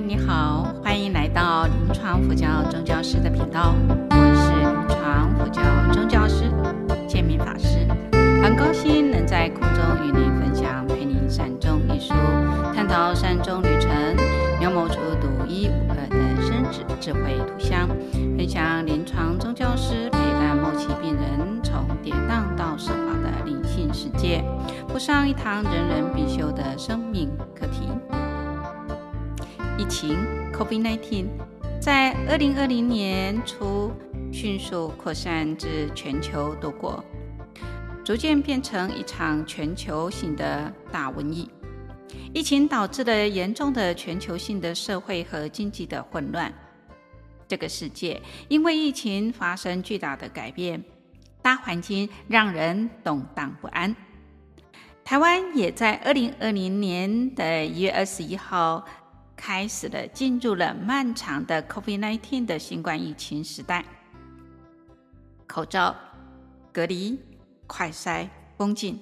你好，歡迎來到臨床佛教宗教師的頻道。我是臨床佛教宗教師建明法師，很高興能在空中與您分享《陪你善終》一書，探討善終旅程，描摹出獨一無二的生死智慧圖像，分享臨床宗教師陪伴末期病人從跌宕到升華的靈性世界，補上一堂人人必修的生命。疫情 （COVID-19） 在二零二零年初迅速擴散至全球多國，逐漸變成一場全球性的大瘟疫。疫情導致了嚴重的全球性的社會和經濟的混亂。這個世界因為疫情發生巨大的改變，大環境讓人動盪不安。台灣也在二零二零年的一月二十一號，開始了，進入了漫長的 COVID-19 的新冠疫情時代。口罩、隔離、快篩、封境，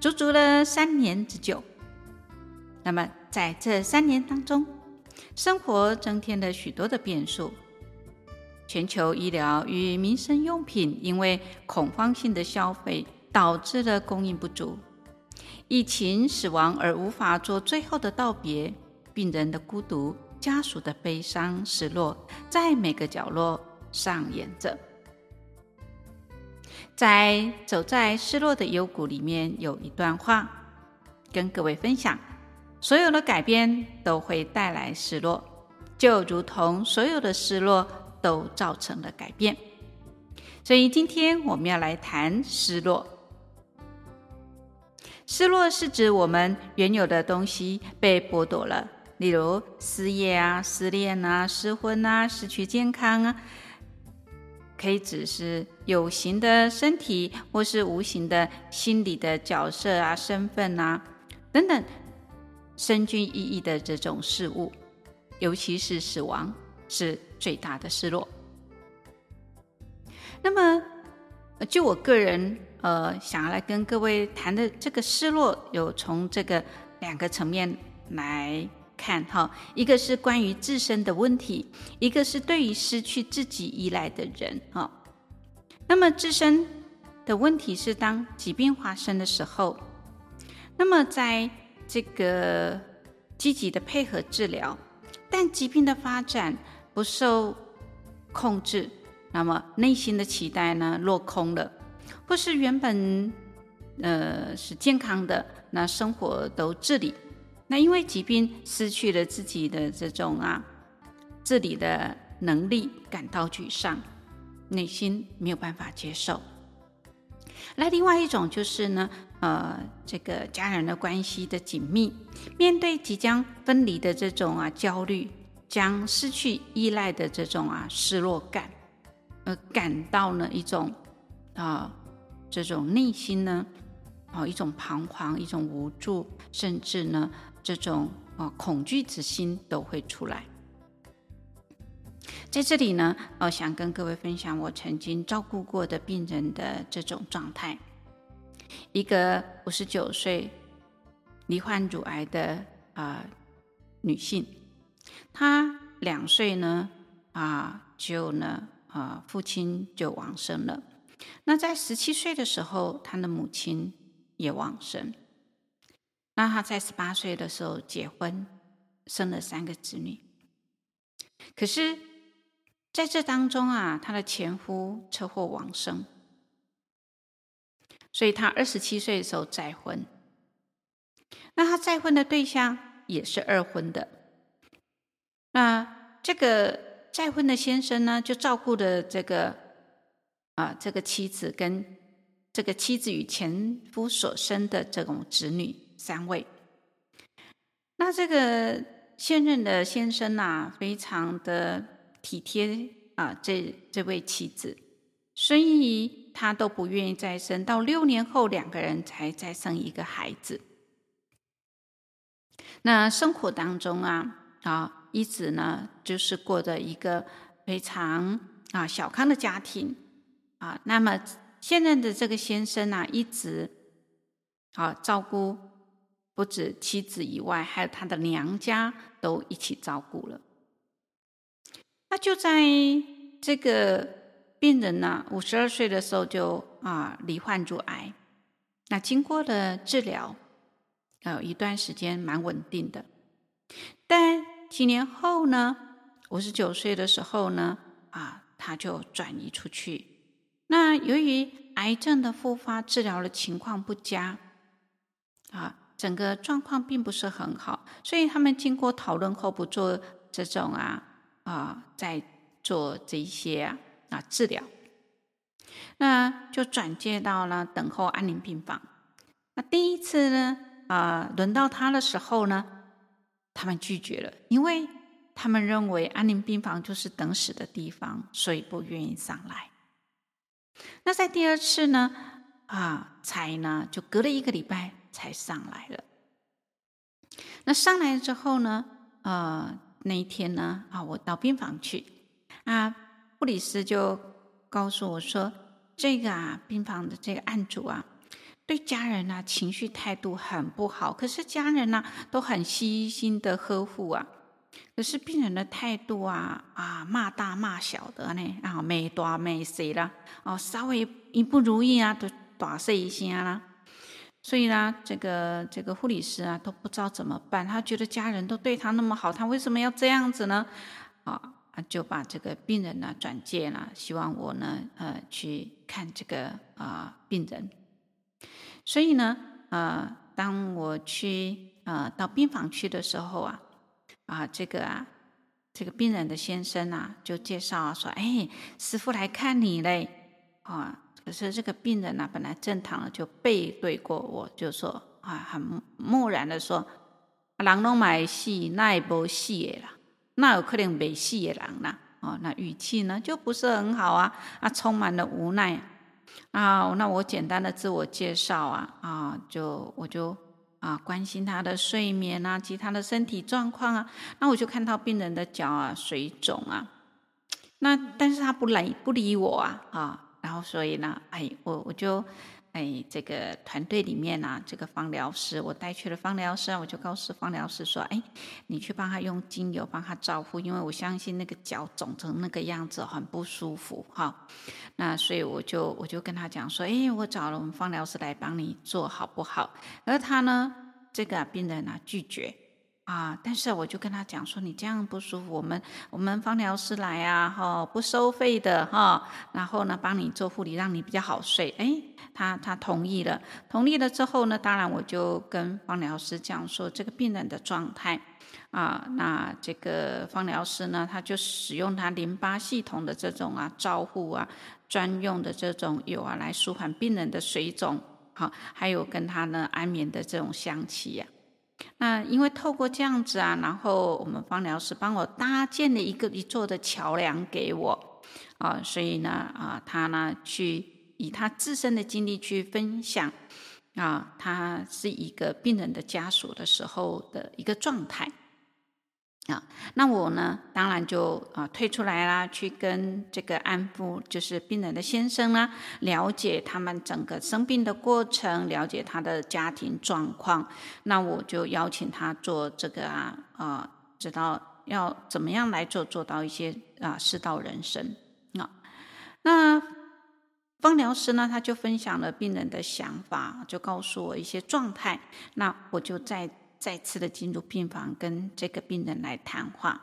足足了三年之久。那麼，在這三年當中，生活增添了許多的變數。全球醫療與民生用品因為恐慌性的消費，導致了供應不足。疫情死亡而無法做最後的道別。病人的孤獨，家屬的悲傷、失落，在每個角落上演着。在《走在失落的幽谷》裡面有一段話，跟各位分享：所有的改變都會帶來失落，就如同所有的失落都造成了改變。所以今天我們要來談失落。失落是指我們原有的東西被剝奪了。例如失業啊、失戀啊、失婚啊、失去健康啊，可以指是有形的身體，或是無形的心理的角色啊、身份啊、等等，深具意義的這種事物，尤其是死亡是最大的失落。那麼，就我個人呃，想要來跟各位談的這個失落，有從這個兩個層面來。看哈，一個是關於自身的問題，一個是對於失去自己依賴的人哈。那麼自身的問題是，當疾病發生的時候，那麼在這個積極的配合治療，但疾病的發展不受控制，那麼內心的期待呢落空了，或是原本呃是健康的，那生活都自理。那因為疾病失去了自己的這種啊自理的能力，感到沮喪，內心沒有辦法接受。那另外一種就是呢，呃，這個家人的關係的緊密，面對即將分離的這種啊焦慮，將失去依賴的這種啊失落感，呃，感到呢一種啊、呃、這種內心呢啊、哦、一種彷徨，一種無助，甚至呢。這種啊恐懼之心都會出來，在這裡呢，我想跟各位分享我曾經照顧過的病人的這種狀態。一個五十九歲罹患乳癌的啊、呃、女性，她兩歲呢啊、呃、就呢啊、呃、父親就往生了，那在十七歲的時候，她的母親也往生。那他在十八歲的時候結婚，生了三個子女。可是，在這當中啊，她的前夫車禍往生，所以他二十七歲的時候再婚。那他再婚的對象也是二婚的。那這個再婚的先生呢，就照顧的這個啊、呃，這個妻子跟這個妻子與前夫所生的這種子女。三位，那這個現任的先生吶、啊，非常的體貼啊，這這位妻子，所以他都不願意再生，到六年後兩個人才再生一個孩子。那生活當中啊，啊一直呢就是過着一個非常啊小康的家庭啊。那麼現任的這個先生呢、啊，一直啊照顧。不止妻子以外，還有他的娘家都一起照顧了。那就在這個病人呢，五十二歲的時候就啊罹患乳癌。那經過的治療，有、呃、一段時間蠻穩定的。但幾年後呢，五十九歲的時候呢，啊，他就轉移出去。那由於癌症的復發，治療的情況不佳，啊。整個狀況並不是很好，所以他們經過討論後，不做這種啊啊，在、呃、做這些啊，啊治療，那就轉介到了等候安寧病房。那第一次呢，啊、呃，輪到他的時候呢，他們拒絕了，因為他們認為安寧病房就是等死的地方，所以不願意上來。那在第二次呢，啊、呃，才呢，就隔了一個禮拜。才上來了。那上來之後呢，呃，那一天呢，啊，我到病房去，啊，布里斯就告訴我說：“這個啊，病房的這個案主啊，對家人呢、啊、情緒態度很不好，可是家人呢、啊、都很悉心的呵護啊。可是病人的態度啊啊罵大罵小的呢啊，沒大沒誰的呢啊，稍微一不如意啊，就打碎一下啊，所以呢，這個這個護理師啊都不知道怎麼辦，他覺得家人都對他那麼好，他為什麼要這樣子呢？啊就把這個病人呢、啊、轉介了，希望我呢呃去看這個啊、呃、病人。所以呢，呃，當我去呃到病房去的時候啊，啊這個啊這個病人的先生啊就介紹說：“哎，師父來看你嘞，啊。”可是這個病人呢、啊，本來正躺了，就背對過我，就說啊，很漠然的說：“人攏會死，哪會未死的啦？那有可能未死的人啦、啊。哦”那語氣呢就不是很好啊，啊，充滿了無奈啊、哦。那我簡單的自我介紹啊，啊，就我就啊關心他的睡眠啊，及他的身體狀況啊。啊那我就看到病人的腳啊水腫啊，那但是他不來不理我啊啊。然後，所以呢，哎，我我就，哎，這個團隊裡面呢、啊，這個芳療師，我帶去了芳療師、啊，我就告訴芳療師說，哎，你去幫他用精油幫他照顧，因為我相信那個腳腫成那個樣子很不舒服哈。那所以我就我就跟他講說，哎，我找了我們芳療師來幫你做好不好？而他呢，這個、啊、病人呢、啊、拒絕。啊！但是我就跟他講說，你這樣不舒服，我們我們芳療師來啊，哈、哦，不收費的哈、哦，然後呢，幫你做護理，讓你比較好睡。哎，他他同意了，同意了之後呢，當然我就跟芳療師講說，這個病人的狀態啊，那這個芳療師呢，他就使用他淋巴系統的這種啊，照護啊，專用的這種油啊，來舒緩病人的水腫，好、啊，還有跟他呢安眠的這種香氣呀、啊。那因為透過這樣子啊，然後我們芳療師幫我搭建了一個一座的橋樑給我啊，所以呢啊，他呢去以他自身的經歷去分享啊，他是一個病人的家屬的時候的一個狀態。那我呢，當然就啊、呃、退出來啦，去跟這個案夫就是病人的先生啦，了解他們整個生病的過程，了解他的家庭狀況。那我就邀請他做這個啊啊、呃，知道要怎麼樣來做，做到一些啊、呃、四道人生啊、呃。那芳療師呢，他就分享了病人的想法，就告訴我一些狀態。那我就在。再次的進入病房跟這個病人來談話，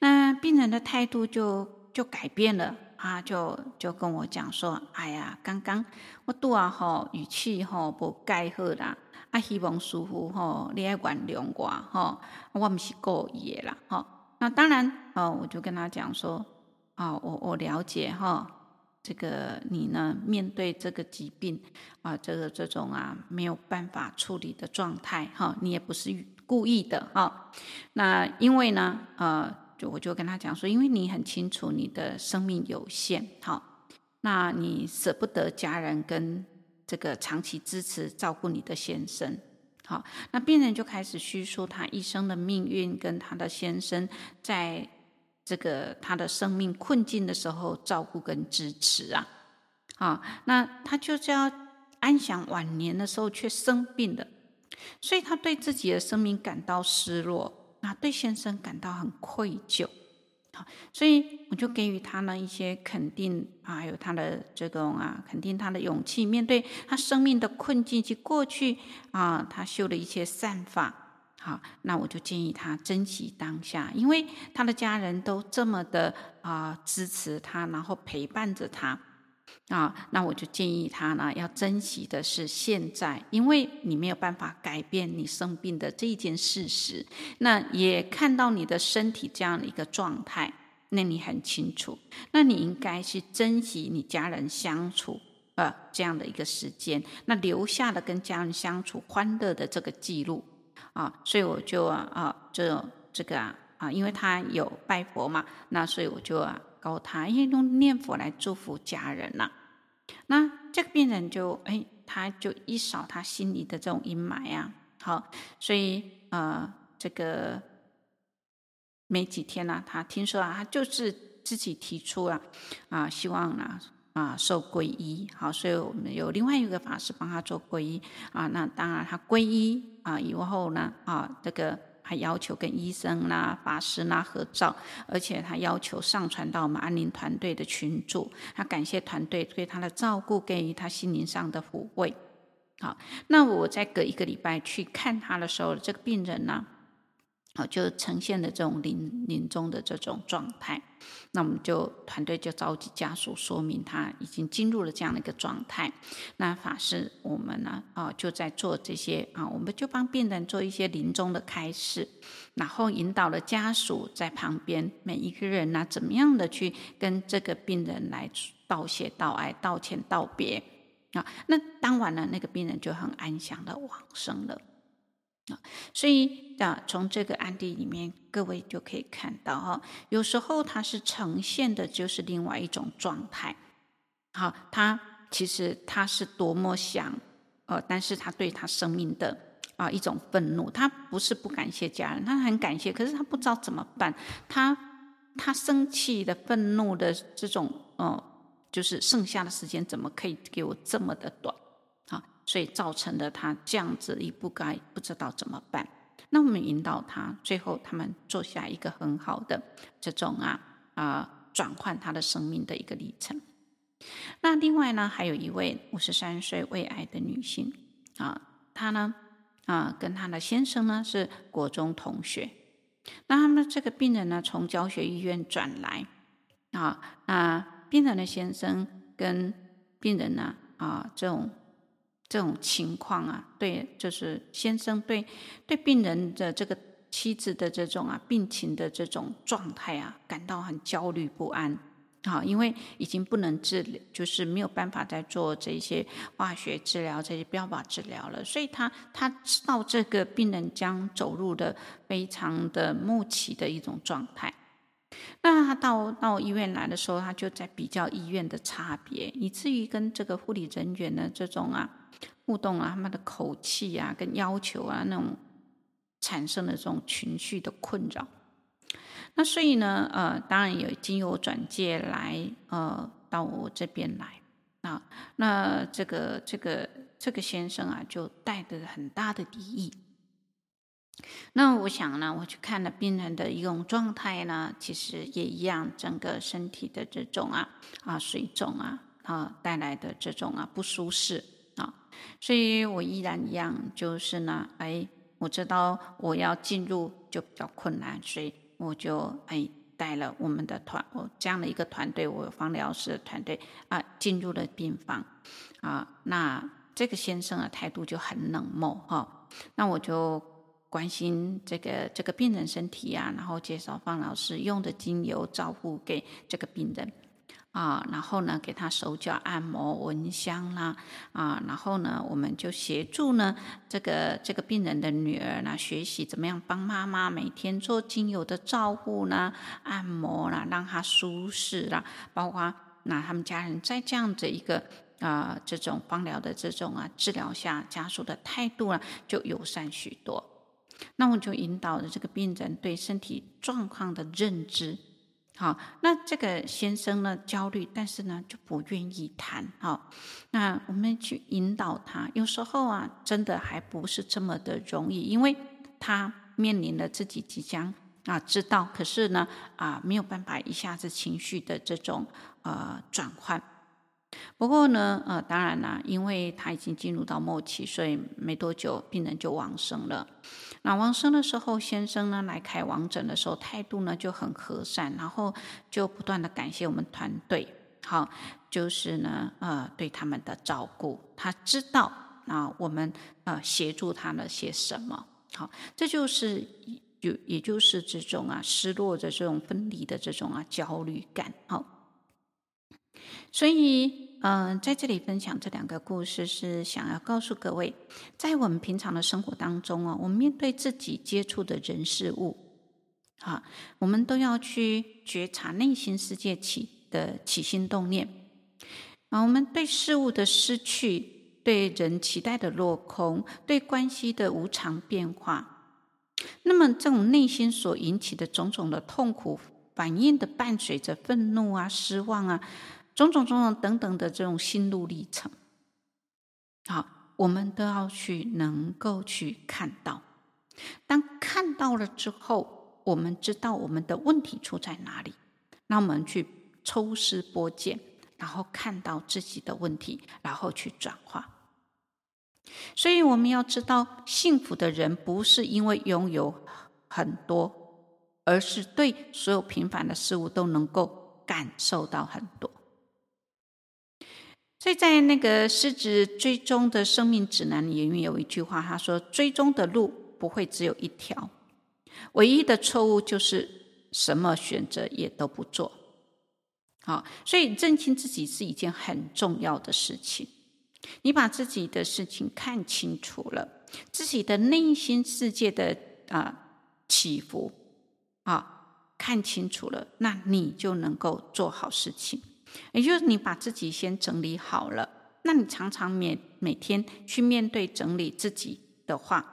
那病人的態度就就改變了啊，就就跟我講說：“哎呀，剛剛我多啊、哦，吼語氣吼、哦、不改好啦，啊希望師傅吼你要原諒我吼、哦，我不是故意的啦吼、哦。那當然哦，我就跟他講說：“哦，我我了解吼。哦這個你呢？面對這個疾病啊、呃，這個這種啊沒有辦法處理的狀態哈、哦，你也不是故意的哈、哦，那因為呢，呃，就我就跟他講說，因為你很清楚你的生命有限，哈、哦，那你捨不得家人跟這個長期支持照顧你的先生，好、哦，那病人就開始敘述他一生的命運跟他的先生在。這個他的生命困境的時候，照顧跟支持啊，啊，那他就是要安享晚年的時候，卻生病的，所以他對自己的生命感到失落，啊，對先生感到很愧疚，好，所以我就給予他呢一些肯定啊，有他的這種啊，肯定他的勇氣，面對他生命的困境，及過去啊他修的一些善法。好，那我就建議他珍惜當下，因為他的家人都這麼的啊、呃、支持他，然後陪伴着他啊。那我就建議他呢，要珍惜的是現在，因為你沒有辦法改變你生病的這一件事實。那也看到你的身體這樣的一個狀態，那你很清楚。那你應該是珍惜你家人相處呃這樣的一個時間，那留下的跟家人相處歡樂的這個記錄。啊，所以我就啊，這、啊、這個啊，啊，因為他有拜佛嘛，那所以我就啊，告他，因為用念佛來祝福家人吶、啊。那這個病人就哎，他就一掃他心裡的這種陰霾呀、啊，好，所以啊、呃、這個沒幾天呢、啊，他聽說啊，他就是自己提出了啊，啊，希望呢啊，啊受皈依，好，所以我們有另外一個法師幫他做皈依啊，那當然他皈依。啊，以後呢，啊，這個還要求跟醫生啦、啊、法師啦、啊、合照，而且他要求上傳到我們安寧團隊的群組，他感謝團隊對他的照顧，給予他心靈上的撫慰。好，那我再隔一個禮拜去看他的時候，這個病人呢，啊，就呈現了這種臨臨終的這種狀態，那我們就團隊就召集家屬，說明他已經進入了這樣的一個狀態。那法師我們呢，啊，就在做這些啊，我們就幫病人做一些臨終的開示，然後引導了家屬在旁邊每一個人呢，怎麼樣的去跟這個病人來道謝、道愛、道歉、道別啊。那當晚呢，那個病人就很安詳的往生了啊，所以。那從這個案例裡面，各位就可以看到哈，有時候他是呈現的，就是另外一種狀態。好，他其實他是多麼想呃，但是他對他生命的啊一種憤怒，他不是不感謝家人，他很感謝，可是他不知道怎麼辦。他他生氣的、憤怒的這種，嗯，就是剩下的時間怎麼可以給我這麼的短啊？所以造成了他這樣子，一不該不知道怎麼辦。那我們引導他，最後他們做下一個很好的這種啊啊、呃、轉換他的生命的一個歷程。那另外呢，還有一位五十三歲胃癌的女性啊，她、呃、呢啊、呃、跟她的先生呢是國中同學。那他們這個病人呢從教學醫院轉來啊，那、呃呃、病人的先生跟病人呢啊、呃、這種。這種情況啊，對，就是先生對對病人的這個妻子的這種啊病情、的這種狀態啊，感到很焦慮不安啊，因為已經不能治，就是沒有辦法再做這些化學治療這些標靶治療了，所以他他知道這個病人將走入的非常的末期的一種狀態。那他到到醫院來的時候，他就在比較醫院的差別，以至於跟這個護理人員的這種啊。互動啊，他們的口氣啊，跟要求啊，那種產生的這種情緒的困擾，那所以呢，呃，當然有經由轉介來，呃，到我這邊來啊。那這個這個這個先生啊，就帶着很大的敵意。那我想呢，我去看了病人的一種狀態呢，其實也一樣，整個身體的這種啊啊水腫啊啊帶來的這種啊不舒適。啊、哦，所以我依然一樣，就是呢，哎，我知道我要進入就比較困難，所以我就哎帶了我們的團，我這樣的一個團隊，我芳療師的團隊啊，進入了病房啊。那這個先生啊，態度就很冷漠哈、哦。那我就關心這個這個病人身體呀、啊，然後介紹芳療師用的精油，照護給這個病人。啊，然後呢，給他手腳按摩、聞香啦，啊，然後呢，我們就協助呢這個這個病人的女兒呢，學習怎麼樣幫媽媽每天做精油的照顧呢、按摩啦，讓她舒適啦，包括那他們家人在這樣子一個啊、呃、這種芳療的這種啊治療下，家屬的態度啦，就友善許多，那我們就引導着這個病人對身體狀況的認知。好，那這個先生呢，焦慮，但是呢就不願意談。好，那我們去引導他，有時候啊，真的還不是這麼的容易，因為他面臨了自己即將啊知道，可是呢啊沒有辦法一下子情緒的這種呃轉換。不過呢呃當然啦，啊，因為他已經進入到末期，所以沒多久病人就往生了。那往生的時候，先生呢來開亡診的時候，態度呢就很和善，然後就不斷的感謝我們團隊，好，就是呢，呃，對他們的照顧，他知道啊，我們呃協助他了些什麼，好，這就是就也就是這種啊失落的這種分離的這種啊焦慮感，好，所以。嗯，呃、在這裡分享這兩個故事，是想要告訴各位，在我們平常的生活當中啊，我們面對自己接觸的人事物，啊，我們都要去覺察內心世界起的起心動念啊。我們對事物的失去，對人期待的落空，對關係的無常變化，那麼這種內心所引起的種種的痛苦反應的，伴隨着憤怒啊、失望啊。種種種種等等的這種心路歷程，好，我們都要去能夠去看到。當看到了之後，我們知道我們的問題出在哪裡，那我們去抽絲剝繭，然後看到自己的問題，然後去轉化。所以我們要知道，幸福的人不是因為擁有很多，而是對所有平凡的事物都能夠感受到很多。所以，在那個《獅子追蹤的生命指南》裡面有一句話，他說：“追蹤的路不會只有一條，唯一的錯誤就是什麼選擇也都不做。”好，所以認清自己是一件很重要的事情。你把自己的事情看清楚了，自己的內心世界的啊、呃、起伏啊看清楚了，那你就能夠做好事情。也就是你把自己先整理好了，那你常常每每天去面對整理自己的話，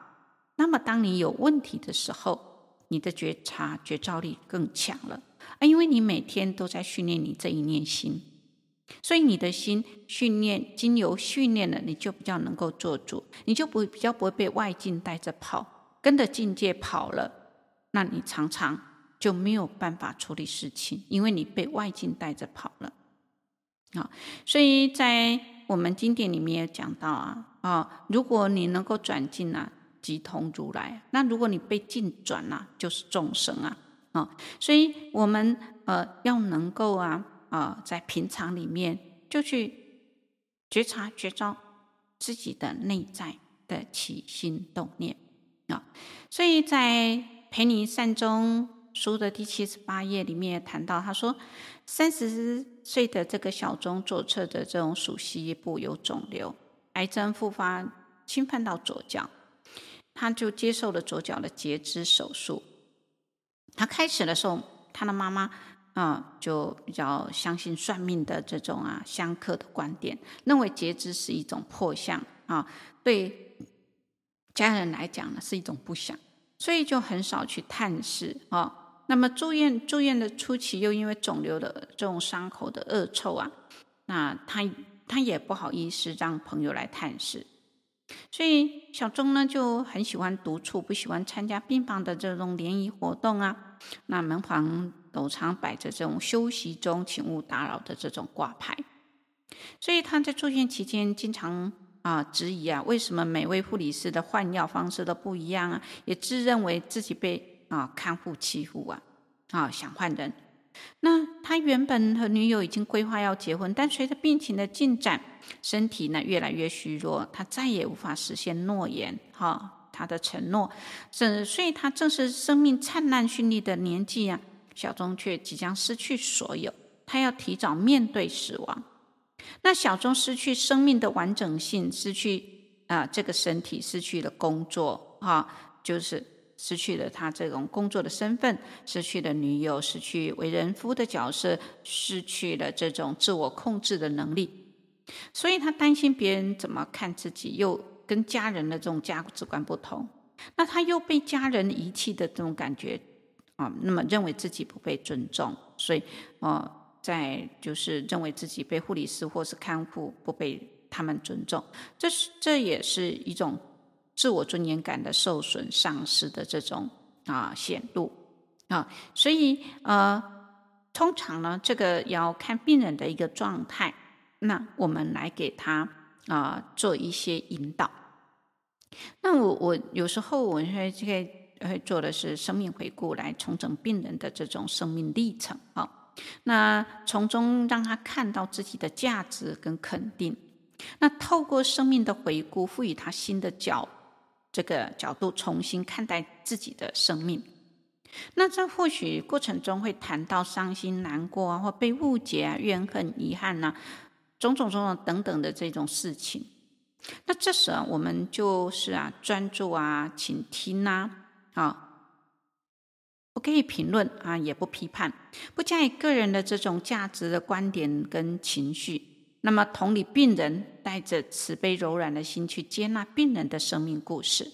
那麼當你有問題的時候，你的覺察覺照力更強了啊，而因為你每天都在訓練你這一念心，所以你的心訓練經由訓練了，你就比較能夠做主，你就不比較不會被外境帶着跑，跟着境界跑了，那你常常就沒有辦法處理事情，因為你被外境帶着跑了。啊，所以在我們經典裡面也講到啊，啊，如果你能夠轉境啊，即同如來；那如果你被境轉了，啊，就是眾生啊，啊，所以我們呃要能夠啊啊，呃，在平常裡面就去覺察覺照自己的內在的起心動念啊，所以在陪你善終。書的第七十八頁裡面也談到，他說三十歲的這個小宗左側的這種鼠蹊部有腫瘤，癌症復發侵犯到左腳，他就接受了左腳的截肢手術。他開始的時候，他的媽媽啊、呃，就比較相信算命的這種啊相剋的觀點，認為截肢是一種破相啊，對家人來講呢是一種不祥，所以就很少去探視啊。呃那麼住院住院的初期，又因為腫瘤的這種傷口的惡臭啊，那他他也不好意思讓朋友來探視，所以小宗呢就很喜歡獨處，不喜歡參加病房的這種聯誼活動啊。那門房都常擺着這種“休息中，請勿打擾”的這種掛牌，所以他在住院期間經常啊、呃、質疑啊，為什麼每位護理師的換藥方式都不一樣啊？也自認為自己被。啊，看護欺負啊，啊，想換人。那他原本和女友已經規劃要結婚，但隨着病情的進展，身體呢越來越虛弱，他再也無法實現諾言，哈、哦，他的承諾。是，所以他正是生命燦爛絢麗的年紀呀、啊，小宗卻即將失去所有，他要提早面對死亡。那小宗失去生命的完整性，失去啊、呃，這個身體，失去了工作，哈、哦，就是。失去了他這種工作的身份，失去了女友，失去為人夫的角色，失去了這種自我控制的能力，所以他擔心別人怎麼看自己，又跟家人的這種價值觀不同，那他又被家人遺棄的這種感覺啊、嗯，那麼認為自己不被尊重，所以啊、嗯、在就是認為自己被護理師或是看護不被他們尊重，這是這也是一種。自我尊嚴感的受損、喪失的這種啊顯露啊，所以呃，通常呢，這個要看病人的一個狀態，那我們來給他啊、呃、做一些引導。那我我有時候我會這個會做的是生命回顧，來重整病人的這種生命歷程啊，那從中讓他看到自己的價值跟肯定。那透過生命的回顧，賦予他新的角。這個角度重新看待自己的生命，那在或許過程中會談到傷心、難過啊，或被誤解啊、怨恨、遺憾吶、啊，種種種種等等的這種事情。那這時候、啊、我們就是啊，專注啊，傾聽啊，啊，不給予評論啊，也不批判，不加以個人的這種價值的觀點跟情緒。那麼，同理，病人帶着慈悲柔軟的心去接納病人的生命故事。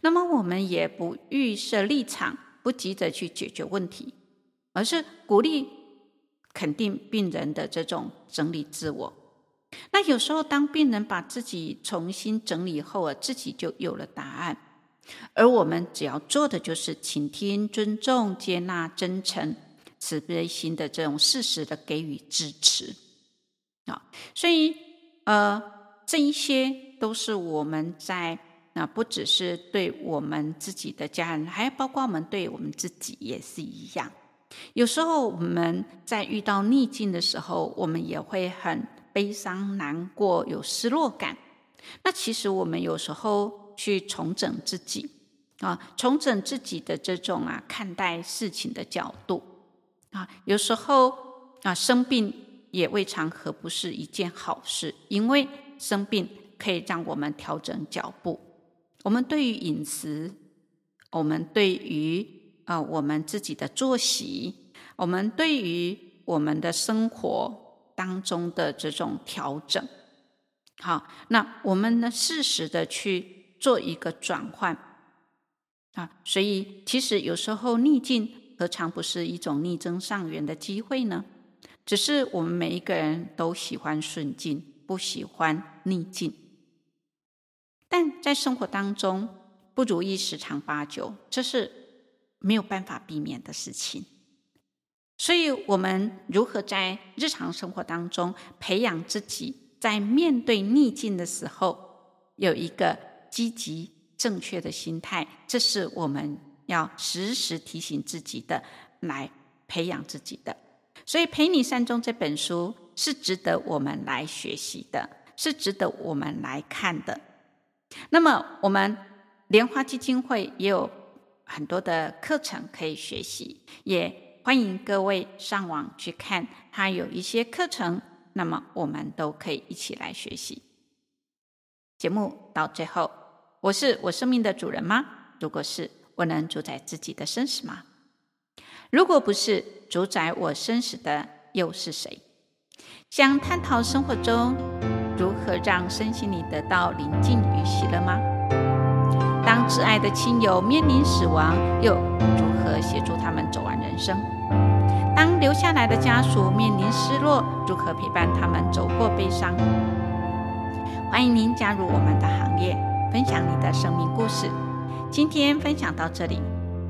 那麼，我們也不預設立場，不急着去解決問題，而是鼓勵肯定病人的這種整理自我。那有時候，當病人把自己重新整理後啊，自己就有了答案。而我們只要做的就是傾聽、尊重、接納、真誠、慈悲心的這種適時的給予支持。啊，所以呃，這一些都是我們在啊，不只是對我們自己的家人，還包括我們對我們自己也是一樣。有時候我們在遇到逆境的時候，我們也會很悲傷難過，有失落感。那其實我們有時候去重整自己啊，重整自己的這種啊，看待事情的角度啊，有時候啊，生病。也未嘗何不是一件好事，因為生病可以讓我們調整腳步。我們對於飲食，我們對於啊、呃，我們自己的作息，我們對於我們的生活當中的這種調整，好，那我們呢，適時的去做一個轉換啊。所以，其實有時候逆境何嘗不是一種逆增上緣的機會呢？只是我們每一個人都喜歡順境，不喜歡逆境。但在生活當中，不如意十常八九，這是沒有辦法避免的事情。所以，我們如何在日常生活當中培養自己，在面對逆境的時候，有一個積極正確的心態，這是我們要時時提醒自己的，來培養自己的。所以，《陪你善終》這本書是值得我們來學習的，是值得我們來看的。那麼，我們蓮花基金會也有很多的課程可以學習，也歡迎各位上網去看，它有一些課程。那麼，我們都可以一起來學習。節目到最後，我是我生命的主人嗎？如果是，我能主宰自己的生死嗎？如果不是主宰我生死的又是誰？想探討生活中如何讓身心靈得到寧靜與喜樂嗎？當摯愛的親友面臨死亡，又如何協助他們走完人生？當留下來的家屬面臨失落，如何陪伴他們走過悲傷？歡迎您加入我們的行列，分享你的生命故事。今天分享到這裡。